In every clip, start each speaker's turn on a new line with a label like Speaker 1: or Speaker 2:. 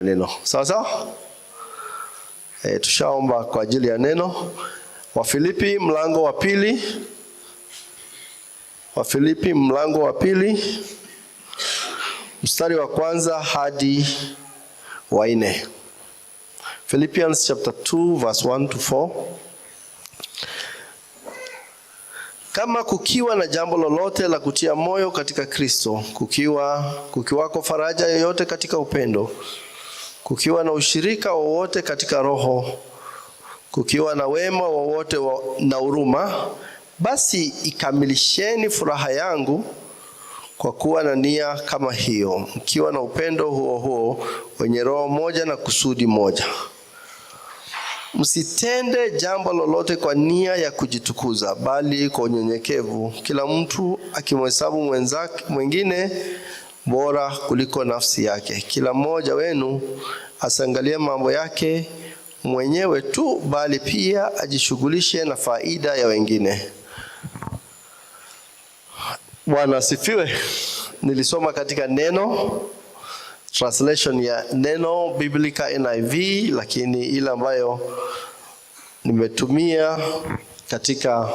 Speaker 1: Neno sawa sawa. E, tushaomba kwa ajili ya neno. Wafilipi mlango wa pili, Wafilipi mlango wa pili mstari wa kwanza hadi wa nne. Philippians chapter 2 verse 1 to 4. Kama kukiwa na jambo lolote la kutia moyo katika Kristo, kukiwa kukiwako faraja yoyote katika upendo kukiwa na ushirika wowote katika roho, kukiwa na wema wowote wa na huruma, basi ikamilisheni furaha yangu kwa kuwa na nia kama hiyo, mkiwa na upendo huo huo, wenye roho moja na kusudi moja. Msitende jambo lolote kwa nia ya kujitukuza, bali kwa unyenyekevu, kila mtu akimhesabu mwenzake mwingine bora kuliko nafsi yake. Kila mmoja wenu asiangalie mambo yake mwenyewe tu, bali pia ajishughulishe na faida ya wengine. Bwana asifiwe. Nilisoma katika Neno translation ya Neno Biblica NIV, lakini ile ambayo nimetumia katika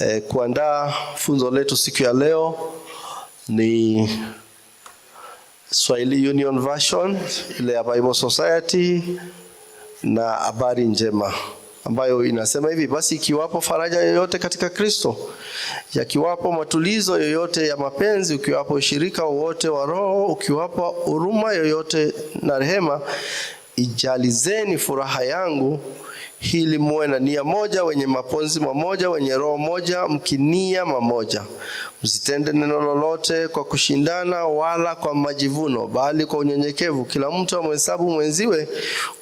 Speaker 1: eh, kuandaa funzo letu siku ya leo ni Swahili Union Version ile ya Bible Society na habari njema ambayo inasema hivi: basi ikiwapo faraja yoyote katika Kristo, yakiwapo matulizo yoyote ya mapenzi, ukiwapo ushirika wowote wa Roho, ukiwapo huruma yoyote na rehema, ijalizeni furaha yangu hili muwe na nia moja, wenye mapenzi mamoja, wenye roho moja, mkinia mamoja. Msitende neno lolote kwa kushindana wala kwa majivuno, bali kwa unyenyekevu kila mtu amhesabu mwenziwe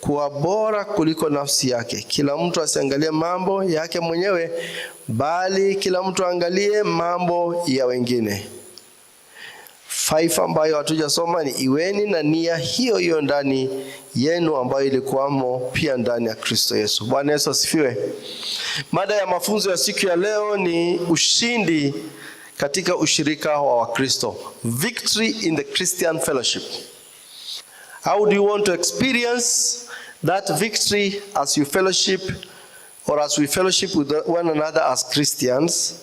Speaker 1: kuwa bora kuliko nafsi yake. Kila mtu asiangalie mambo yake mwenyewe, bali kila mtu aangalie mambo ya wengine. 5 ambayo hatujasoma ni iweni na nia hiyo hiyo ndani yenu ambayo ilikuwamo pia ndani ya Kristo Yesu. Bwana Yesu asifiwe. Mada ya mafunzo ya siku ya leo ni ushindi katika ushirika wa Wakristo, victory in the Christian fellowship. How do you want to experience that victory as you fellowship or as we fellowship with one another as Christians?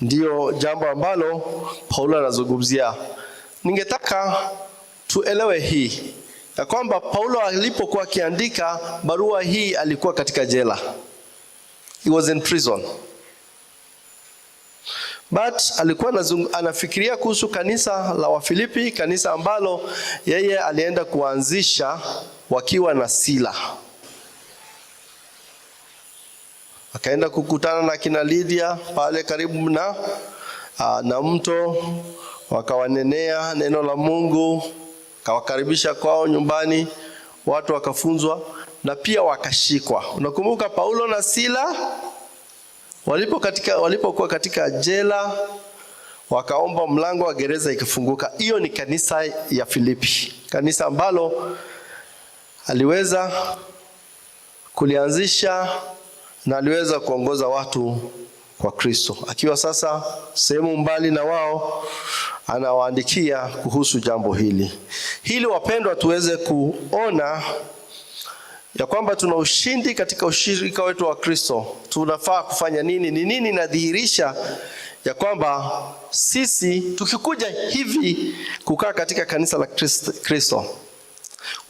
Speaker 1: Ndiyo jambo ambalo Paulo anazungumzia Ningetaka tuelewe hii ya kwamba Paulo alipokuwa akiandika barua hii alikuwa katika jela. He was in prison. But alikuwa anafikiria kuhusu kanisa la Wafilipi, kanisa ambalo yeye alienda kuanzisha wakiwa na Sila. Akaenda kukutana na kina Lydia pale karibu na, ah, na mto Wakawanenea neno la Mungu, kawakaribisha kwao nyumbani, watu wakafunzwa na pia wakashikwa. Unakumbuka Paulo na Sila walipo katika walipokuwa katika jela wakaomba mlango wa gereza ikifunguka Hiyo ni kanisa ya Filipi, kanisa ambalo aliweza kulianzisha na aliweza kuongoza watu kwa Kristo. Akiwa sasa sehemu mbali na wao, anawaandikia kuhusu jambo hili. Hili wapendwa, tuweze kuona ya kwamba tuna ushindi katika ushirika wetu wa Kristo. Tunafaa kufanya nini? Ni nini inadhihirisha ya kwamba sisi tukikuja hivi kukaa katika kanisa la Kristo,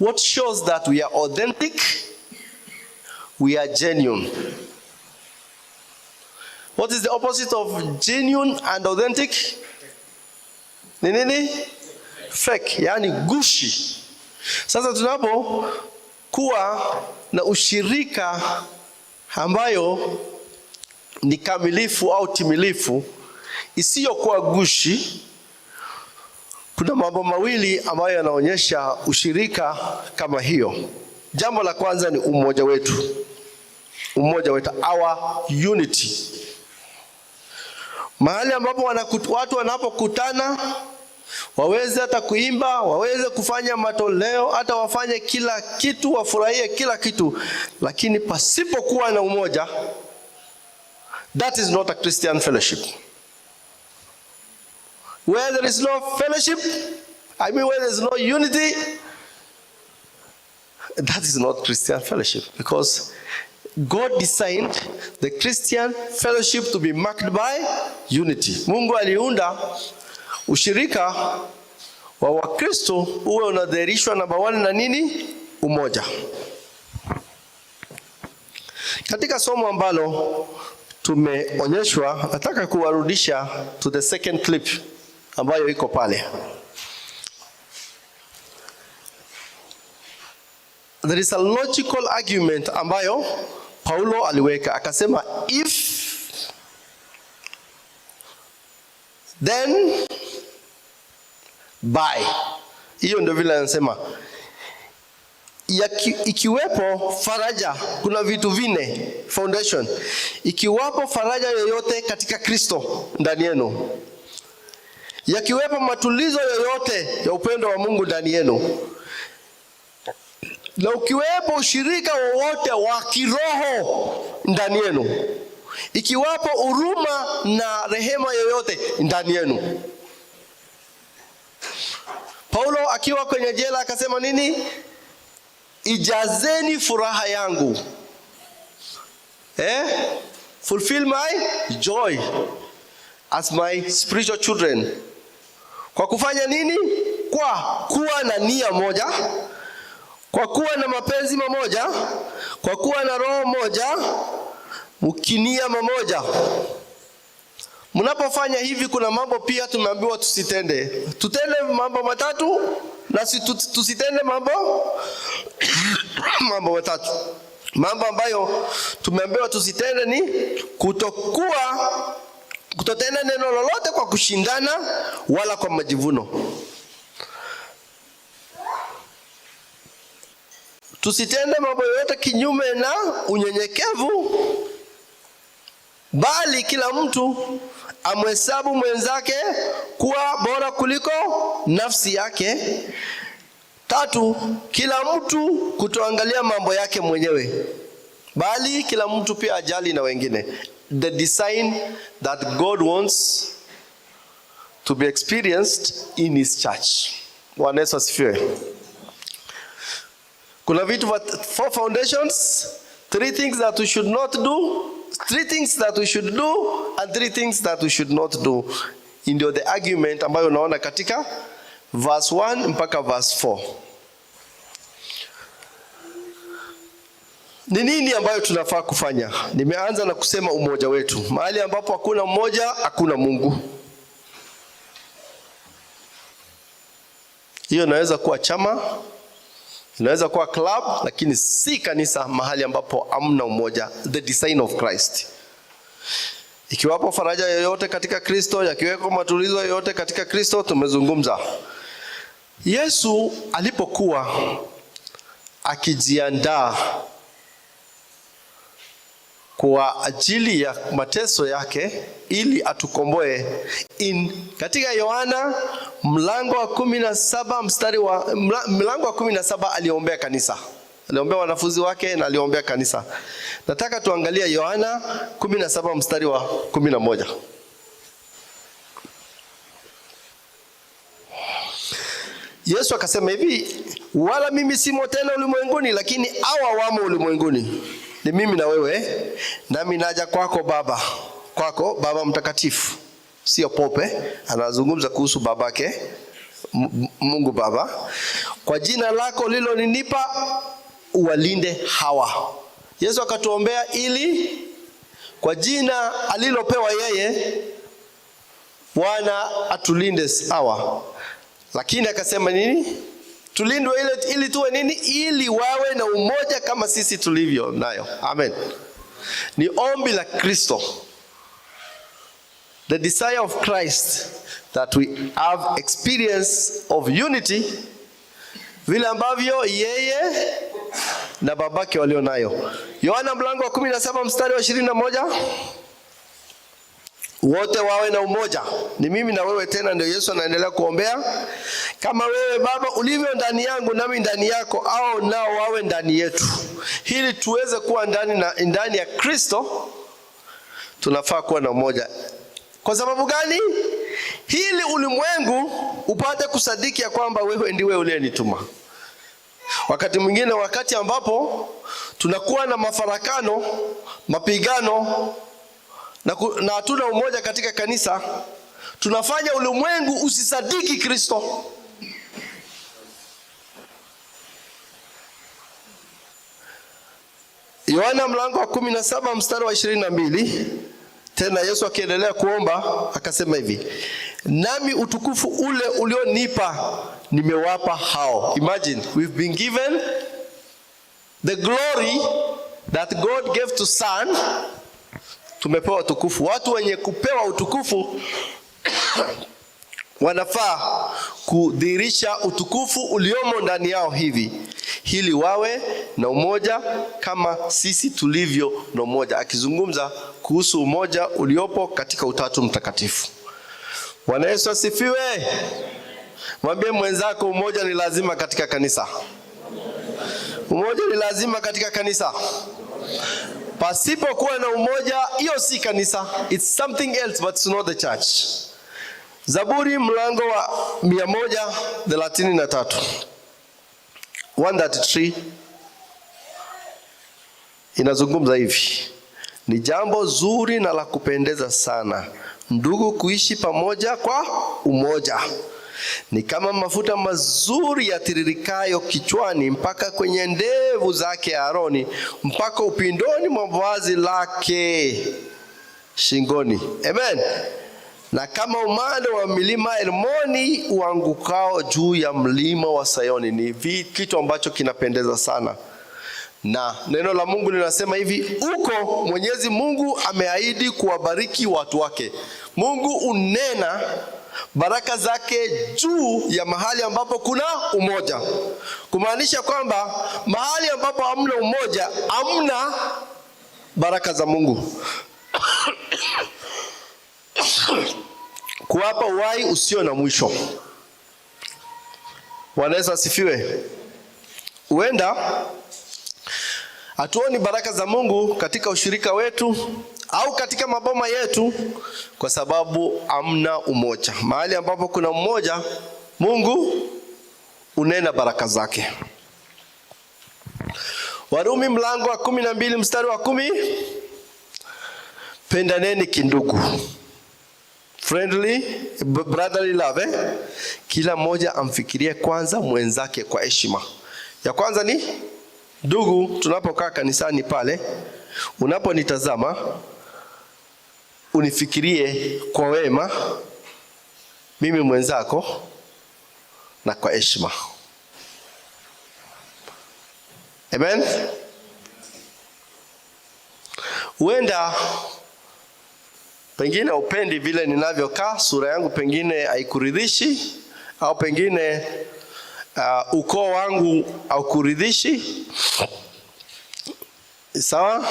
Speaker 1: what shows that we are authentic, we are genuine What is the opposite of genuine and authentic? Ni nini? Fake, yani gushi. Sasa tunapokuwa na ushirika ambayo ni kamilifu au timilifu isiyokuwa gushi, kuna mambo mawili ambayo yanaonyesha ushirika kama hiyo. Jambo la kwanza ni umoja wetu, umoja wetu, our unity mahali ambapo watu wanapokutana waweze hata kuimba, waweze kufanya matoleo, hata wafanye kila kitu, wafurahie kila kitu, lakini pasipokuwa na umoja, that is not a Christian fellowship. Where there is no fellowship, I mean where there is no unity, that is not Christian fellowship because God designed the Christian fellowship to be marked by unity. Mungu aliunda ushirika wa Wakristo uwe unadhihirishwa namba moja na nini? Umoja. Katika somo ambalo tumeonyeshwa, nataka kuwarudisha to the second clip ambayo iko pale. There is a logical argument ambayo Paulo aliweka akasema, if then by. Hiyo ndio vile anasema ki, ikiwepo faraja, kuna vitu vine foundation. Ikiwapo faraja yoyote katika Kristo ndani yenu, yakiwepo matulizo yoyote ya upendo wa Mungu ndani yenu na ukiwepo ushirika wowote wa kiroho ndani yenu, ikiwapo huruma na rehema yoyote ndani yenu. Paulo akiwa kwenye jela akasema nini? Ijazeni furaha yangu eh? Fulfill my joy as my spiritual children. Kwa kufanya nini? Kwa kuwa na nia moja kwa kuwa na mapenzi mamoja, kwa kuwa na roho moja, mkinia mamoja. Mnapofanya hivi, kuna mambo pia tumeambiwa tusitende. Tutende mambo matatu na tusitende mambo mambo matatu. Mambo ambayo tumeambiwa tusitende ni kutokuwa, kutotenda neno lolote kwa kushindana wala kwa majivuno. Tusitende mambo yote kinyume na unyenyekevu, bali kila mtu amhesabu mwenzake kuwa bora kuliko nafsi yake. Tatu, kila mtu kutoangalia mambo yake mwenyewe, bali kila mtu pia ajali na wengine. The design that God wants to be experienced in his church. Bwana Yesu asifiwe. Kuna vitu vya four foundations, three things that we should not do, three things that we should do and three things that we should not do. Ndio the argument ambayo unaona katika verse 1 mpaka verse 4. Ni nini ambayo tunafaa kufanya? Nimeanza na kusema umoja wetu. Mahali ambapo hakuna mmoja, hakuna Mungu. Hiyo inaweza kuwa chama Inaweza kuwa club lakini si kanisa, mahali ambapo amna umoja, the design of Christ. Ikiwapo faraja yoyote katika Kristo, yakiweko matulizo yoyote katika Kristo, tumezungumza. Yesu alipokuwa akijiandaa kwa ajili ya mateso yake ili atukomboe in katika Yohana mlango wa kumi na saba mstari wa mlango wa kumi na saba aliombea kanisa, aliombea wanafunzi wake na aliombea kanisa. Nataka tuangalia Yohana kumi na saba mstari wa kumi na moja. Yesu akasema hivi, wala mimi simo tena ulimwenguni, lakini awa wamo ulimwenguni, ni mimi na wewe, nami naja kwako Baba, kwako Baba Mtakatifu sio Pope, eh? anazungumza kuhusu babake Mungu Baba. Kwa jina lako lilonipa uwalinde hawa. Yesu akatuombea ili kwa jina alilopewa yeye Bwana atulinde hawa, lakini akasema nini? Tulindwe ile ili tuwe nini? Ili wawe na umoja kama sisi tulivyo nayo. Amen. Ni ombi la Kristo. The desire of Christ that we have experience of unity vile ambavyo yeye na babake walio nayo. Yohana mlango wa 17 mstari wa 21, wote wawe na umoja. Ni mimi na wewe tena, ndio Yesu anaendelea kuombea, kama wewe Baba ulivyo ndani yangu nami ndani yako, au nao wawe ndani yetu, ili tuweze kuwa ndani na ndani ya Kristo. Tunafaa kuwa na umoja kwa sababu gani? Ili ulimwengu upate kusadiki ya kwamba wewe ndiwe uliyenituma. Wakati mwingine, wakati ambapo tunakuwa na mafarakano, mapigano na hatuna umoja katika kanisa, tunafanya ulimwengu usisadiki Kristo. Yohana mlango wa 17 mstari wa 22 tena Yesu akiendelea kuomba akasema hivi, nami utukufu ule ulionipa nimewapa hao. Imagine we've been given the glory that God gave to son. Tumepewa utukufu, watu wenye kupewa utukufu wanafaa kudhihirisha utukufu uliomo ndani yao hivi ili wawe na umoja kama sisi tulivyo na umoja, akizungumza kuhusu umoja uliopo katika Utatu Mtakatifu. Bwana Yesu asifiwe. Mwambie mwenzako umoja ni lazima katika kanisa. Umoja ni lazima katika kanisa. Pasipokuwa na umoja, hiyo si kanisa. It's something else but it's not the church. Zaburi mlango wa 133 133 inazungumza hivi: ni jambo zuri na la kupendeza sana ndugu kuishi pamoja kwa umoja, ni kama mafuta mazuri yatiririkayo kichwani mpaka kwenye ndevu zake aroni mpaka upindoni mwa vazi lake shingoni. Amen na kama umande wa milima Elmoni uangukao juu ya mlima wa Sayoni. Ni kitu ambacho kinapendeza sana, na neno la Mungu linasema hivi, uko Mwenyezi Mungu ameahidi kuwabariki watu wake. Mungu unena baraka zake juu ya mahali ambapo kuna umoja, kumaanisha kwamba mahali ambapo hamna umoja, hamna baraka za Mungu kuwapa uhai usio na mwisho. Bwana Yesu asifiwe. Huenda hatuoni baraka za Mungu katika ushirika wetu au katika maboma yetu, kwa sababu hamna umoja. Mahali ambapo kuna mmoja, Mungu unena baraka zake. Warumi mlango wa kumi na mbili mstari wa kumi pendaneni kindugu friendly brotherly love eh? Kila mmoja amfikirie kwanza mwenzake kwa heshima. Ya kwanza ni ndugu, tunapokaa kanisani pale, unaponitazama unifikirie kwa wema, mimi mwenzako, na kwa heshima. Amen. Huenda Pengine upendi vile ninavyokaa, sura yangu pengine haikuridhishi, au pengine uh, ukoo wangu haukuridhishi, sawa.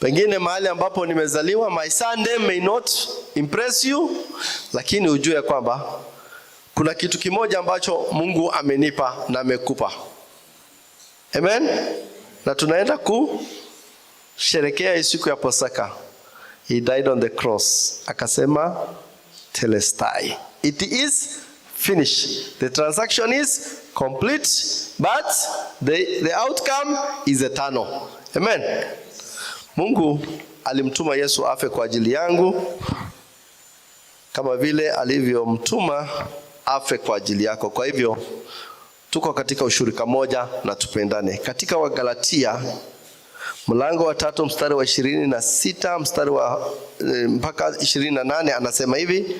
Speaker 1: Pengine mahali ambapo nimezaliwa, my may not impress you, lakini ujue kwamba kuna kitu kimoja ambacho Mungu amenipa na amekupa. Amen, na tunaenda kusherekea hii siku ya Pasaka. He died on the cross. Akasema telestai. It is finished. The transaction is complete, but the, the outcome is eternal. Amen. Mungu alimtuma Yesu afe kwa ajili yangu kama vile alivyomtuma afe kwa ajili yako. Kwa hivyo tuko katika ushirika moja na tupendane. Katika Wagalatia mlango wa tatu mstari wa ishirini na sita mstari wa e, mpaka ishirini na nane anasema hivi,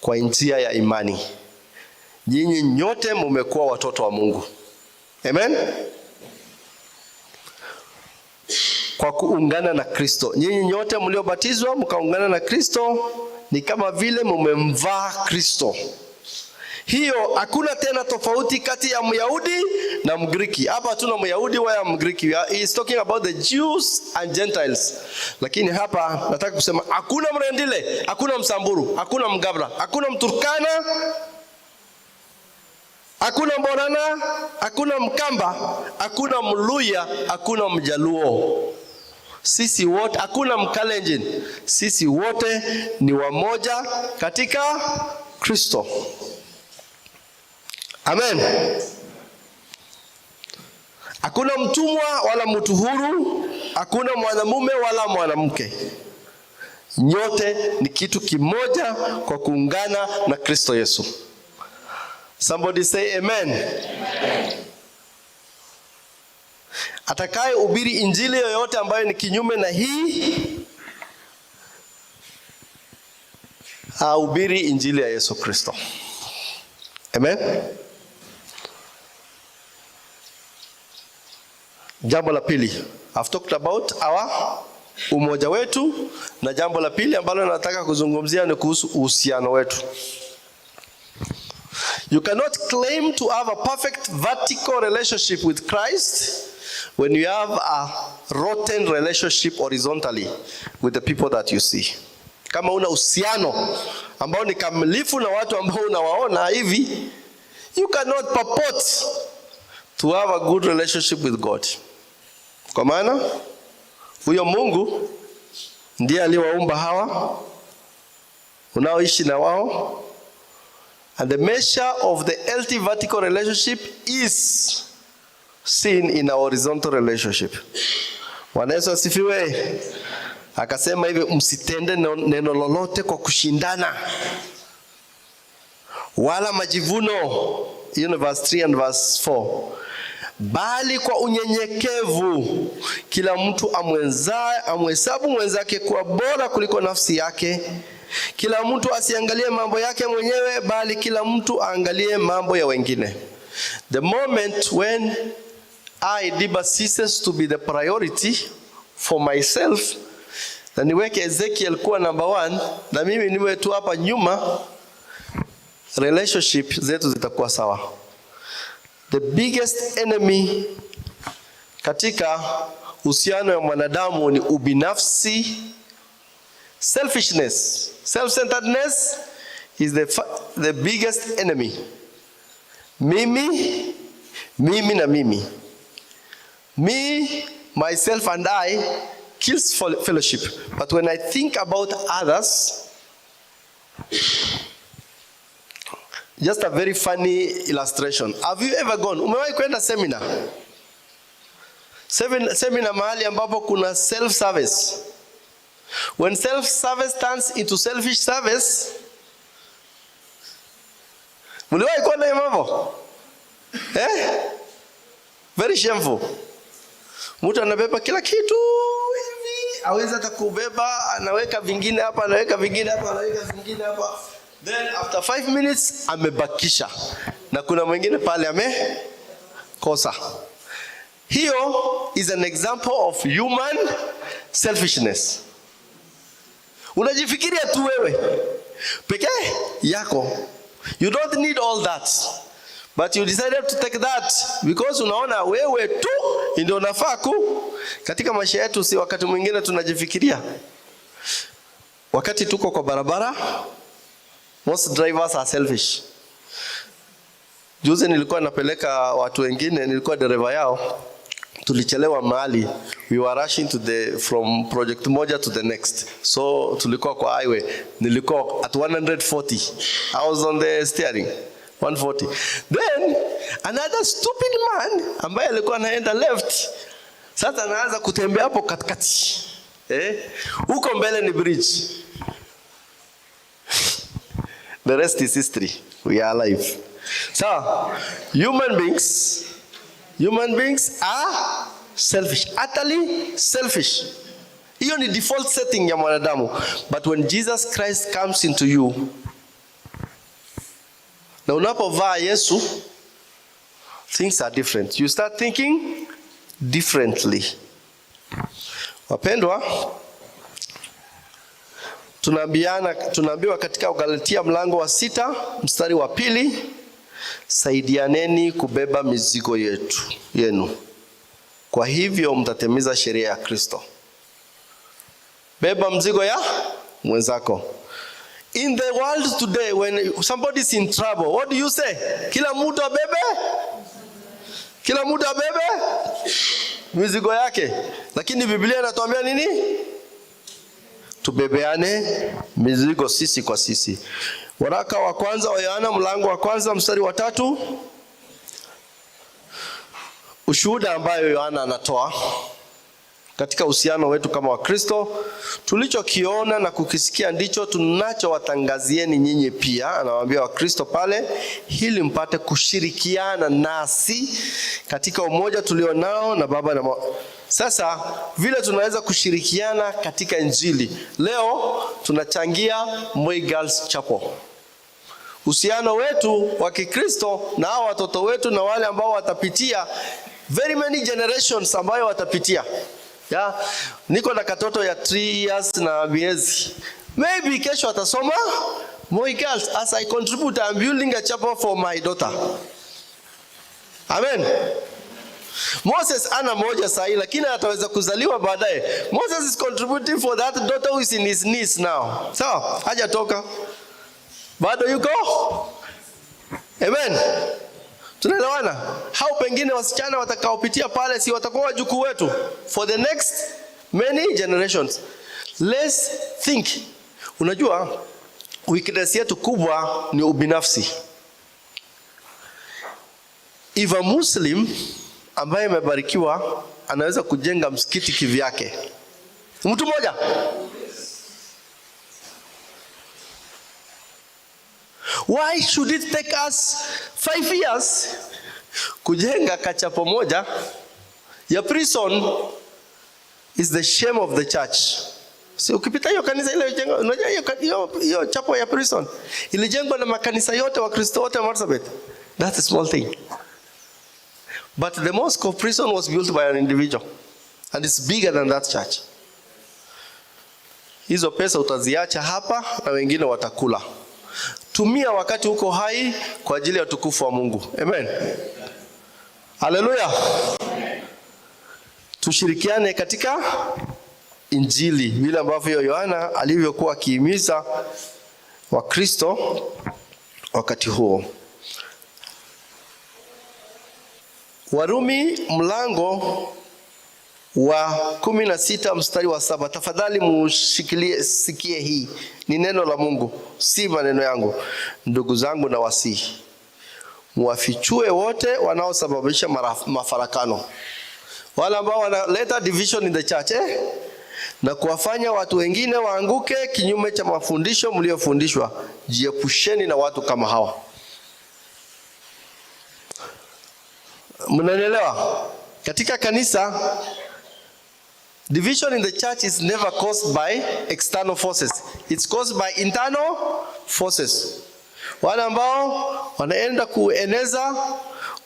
Speaker 1: kwa njia ya imani nyinyi nyote mumekuwa watoto wa Mungu. Amen. Kwa kuungana na Kristo, nyinyi nyote mliobatizwa mkaungana na Kristo, ni kama vile mumemvaa Kristo hiyo hakuna tena tofauti kati ya Myahudi na Mgriki. Hapa hatuna Myahudi wala Mgriki. He is talking about the Jews and Gentiles. Lakini hapa nataka kusema hakuna Mrendile, hakuna Msamburu, hakuna Mgabra, hakuna Mturkana, hakuna Mborana, hakuna Mkamba, hakuna Mluya, hakuna Mjaluo. Sisi wote hakuna Mkalenjin. Sisi wote ni wamoja katika Kristo. Amen. Hakuna mtumwa wala mtu huru, hakuna mwanamume wala mwanamke. Nyote ni kitu kimoja kwa kuungana na Kristo Yesu. Somebody say amen, amen. Atakaye ubiri injili yoyote ambayo ni kinyume na hii ahubiri injili ya Yesu Kristo. Amen. Jambo la pili, I've talked about our umoja wetu, na jambo la pili ambalo nataka kuzungumzia ni kuhusu uhusiano wetu. You cannot claim to have a perfect vertical relationship with Christ when you have a rotten relationship horizontally with the people that you see. Kama una uhusiano ambao ni kamilifu na watu ambao unawaona hivi, you cannot purport to have a good relationship with God. Kwa maana huyo Mungu ndiye aliwaumba hawa unaoishi na wao. And the measure of the healthy vertical relationship is seen in a horizontal relationship. Bwana Yesu asifiwe. Akasema hivi, msitende neno lolote kwa kushindana wala majivuno. Universe 3 and verse 4 bali kwa unyenyekevu kila mtu amwenza, amhesabu mwenzake kuwa bora kuliko nafsi yake. Kila mtu asiangalie mambo yake mwenyewe, bali kila mtu aangalie mambo ya wengine. The moment when I Diba ceases to be the priority for myself, na niweke Ezekiel kuwa number one na mimi niwe tu hapa nyuma, relationship zetu zitakuwa sawa the biggest enemy katika uhusiano wa mwanadamu ni ubinafsi, selfishness. Self-centeredness is the, the biggest enemy. Mimi, mimi na mimi. Me, myself and I kills fellowship. But when I think about others Just a very funny illustration. Have you ever gone? Umewahi kwenda seminar? Seminar mahali ambapo kuna self service. When self service turns into selfish service, mliwahi kuona hiyo mambo? Eh? Very shameful. Mtu anabeba kila kitu hivi, aweza hata kubeba, anaweka vingine hapa, anaweka vingine hapa, anaweka vingine hapa. Then after five minutes amebakisha na kuna mwingine pale amekosa. Hiyo is an example of human selfishness. Unajifikiria tu wewe peke yako. You don't need all that. But you decided to take that because unaona wewe tu ndio unafaa ku. Katika maisha yetu si wakati mwingine tunajifikiria. Wakati tuko kwa barabara Most drivers are selfish. Juzi nilikuwa napeleka watu wengine, nilikuwa dereva yao, tulichelewa mahali, we were rushing to the from project moja to the next, so tulikuwa kwa highway, nilikuwa at 140. I was on the steering 140. Then another stupid man ambaye alikuwa anaenda left, sasa anaanza kutembea hapo katikati, eh, huko mbele ni bridge The rest is history. We are alive. So, human beings, human beings are selfish, utterly selfish. Hiyo ni default setting ya mwanadamu. But when Jesus Christ comes into you, na unapovaa Yesu, things are different. You start thinking differently. Wapendwa, tunaambiana, tunaambiwa katika Wagalatia mlango wa sita mstari wa pili saidianeni kubeba mizigo yetu yenu, kwa hivyo mtatimiza sheria ya Kristo. Beba mzigo ya mwenzako. In the world today when somebody is in trouble, what do you say? Kila mtu abebe, kila mtu abebe mizigo yake, lakini Biblia inatuambia nini? tubebeane mizigo sisi kwa sisi. Waraka wa kwanza wa Yohana mlango wa kwanza mstari wa tatu. Ushuhuda ambayo Yohana anatoa katika uhusiano wetu kama Wakristo, tulichokiona na kukisikia ndicho tunachowatangazieni nyinyi pia. Anawaambia Wakristo pale, ili mpate kushirikiana nasi katika umoja tulionao na Baba na sasa vile tunaweza kushirikiana katika Injili. Leo tunachangia Moi Girls Chapel. Uhusiano wetu wa Kikristo na hao watoto wetu na wale ambao watapitia very many generations ambayo watapitia. Ya, niko na katoto ya 3 years na miezi. Maybe kesho atasoma Moi Girls as I contribute I'm building a chapel for my daughter. Amen. Moses ana moja sahi, lakini ataweza kuzaliwa baadaye. Moses is contributing for that daughter who is in his niece now. Sawa, hajatoka bado, yuko amen. Tunaelewana? Hao pengine wasichana watakaopitia pale, si watakuwa wajukuu wetu for the next many generations. Let's think. Unajua weakness yetu kubwa ni ubinafsi. If a Muslim ambaye amebarikiwa anaweza kujenga msikiti kivyake, mtu mmoja. Why should it take us five years kujenga kachapo moja ya prison? Is the shame of the church. So, ukipita hiyo kanisa ile ilijengwa, unajua hiyo hiyo hiyo chapo ya prison ilijengwa na makanisa yote wa Kristo wote wa Marsabit. That's a small thing. But the mosque of prison was built by an individual and it's bigger than that church. Hizo pesa utaziacha hapa na wengine watakula. Tumia wakati uko hai kwa ajili ya utukufu wa Mungu. Amen. Haleluya. Tushirikiane katika Injili vile ambavyo Yohana alivyokuwa akihimiza Wakristo wakati huo. Warumi mlango wa kumi na sita mstari wa saba. Tafadhali mushikilie, sikie, hii ni neno la Mungu, si maneno yangu. Ndugu zangu, na wasihi mwafichue wote wanaosababisha mafarakano, wale ambao wanaleta division in the church eh? na kuwafanya watu wengine waanguke kinyume cha mafundisho mliofundishwa. Jiepusheni na watu kama hawa. Mnanielewa? Katika kanisa division in the church is never caused by external forces. It's caused by internal forces. Wale ambao wanaenda kueneza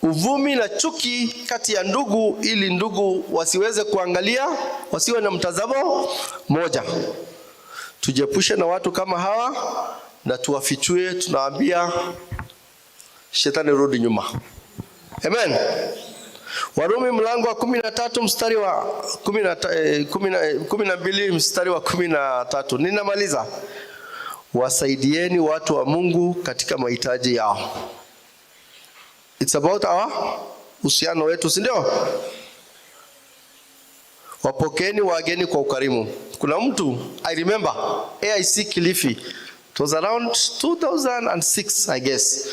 Speaker 1: uvumi na chuki kati ya ndugu ili ndugu wasiweze kuangalia, wasiwe na mtazamo moja. Tujiepushe na watu kama hawa na tuwafichue, tunawaambia shetani rudi nyuma. Amen. Warumi mlango wa kumi na tatu mstari wa eh, eh, kumi na mbili mstari wa kumi na tatu ninamaliza. Wasaidieni watu wa Mungu katika mahitaji yao. It's about our uhusiano wetu, si ndio? Wapokeni wageni kwa ukarimu. Kuna mtu I remember AIC Kilifi. It was around 2006 I guess.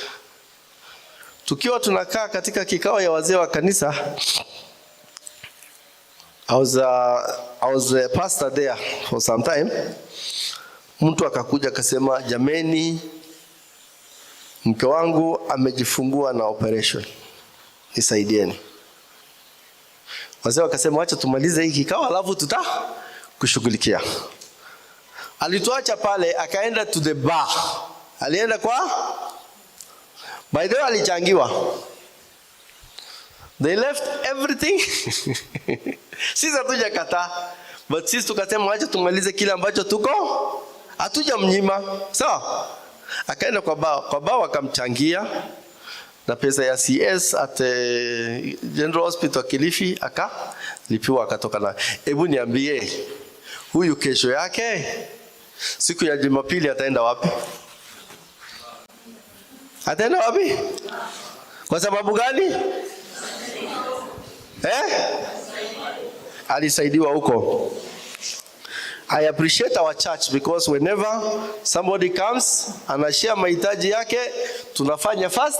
Speaker 1: Tukiwa tunakaa katika kikao ya wazee wa kanisa, I was, uh, I was a pastor there for some time. Mtu akakuja akasema, jameni, mke wangu amejifungua na operation, nisaidieni. Wazee wakasema, wacha tumalize hii kikao alafu tutakushughulikia. Alituacha pale akaenda to the bar, alienda kwa By the way, alichangiwa. They left everything. Sisi hatuja kata. But sisi tukasema wacha tumalize kile ambacho tuko. Hatuja mnyima. So, akaenda kwa bao, kwa bao akamchangia na pesa ya CS at eh, General Hospital Kilifi akalipiwa akatoka nayo. Hebu niambie huyu kesho yake siku ya Jumapili ataenda wapi? Ataenda wapi? Kwa sababu gani? Eh? Alisaidiwa huko. I appreciate our church because whenever somebody comes anashare mahitaji yake, tunafanya first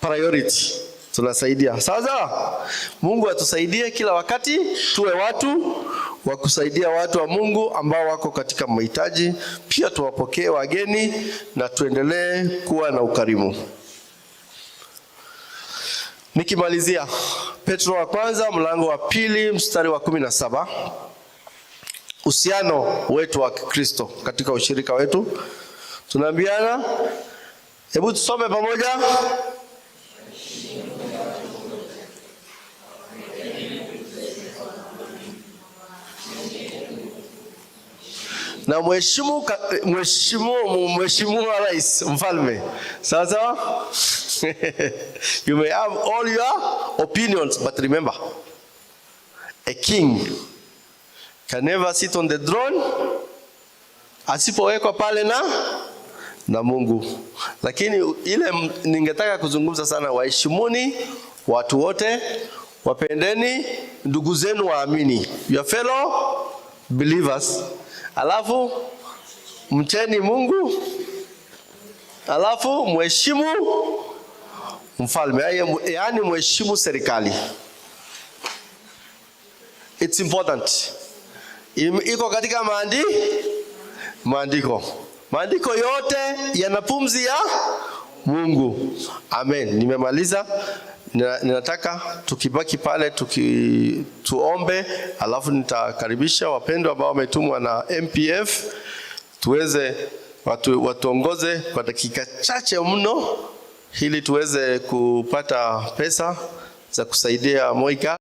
Speaker 1: priority, tunasaidia. Sawa sawa. Mungu atusaidie kila wakati tuwe watu wa kusaidia watu wa Mungu ambao wako katika mahitaji. Pia tuwapokee wageni na tuendelee kuwa na ukarimu. Nikimalizia Petro wa kwanza mlango wa pili mstari wa kumi na saba uhusiano wetu wa Kikristo katika ushirika wetu tunaambiana, hebu tusome pamoja. na mheshimu mheshimiwa rais mfalme. Sawa sawa? You may have all your opinions but remember a king can never sit on the throne asipowekwa pale na na Mungu. Lakini ile ningetaka kuzungumza sana, waheshimuni watu wote, wapendeni ndugu zenu waamini, your fellow believers alafu mcheni Mungu, alafu mheshimu mfalme, yaani mheshimu yaani serikali. It's important, iko katika maandi maandiko. Maandiko yote yana pumzi ya Mungu. Amen, nimemaliza. Ninataka tukibaki pale tuki, tuombe alafu nitakaribisha wapendwa ambao wametumwa na MPF tuweze watu, watuongoze kwa dakika chache mno ili tuweze kupata pesa za kusaidia Moika.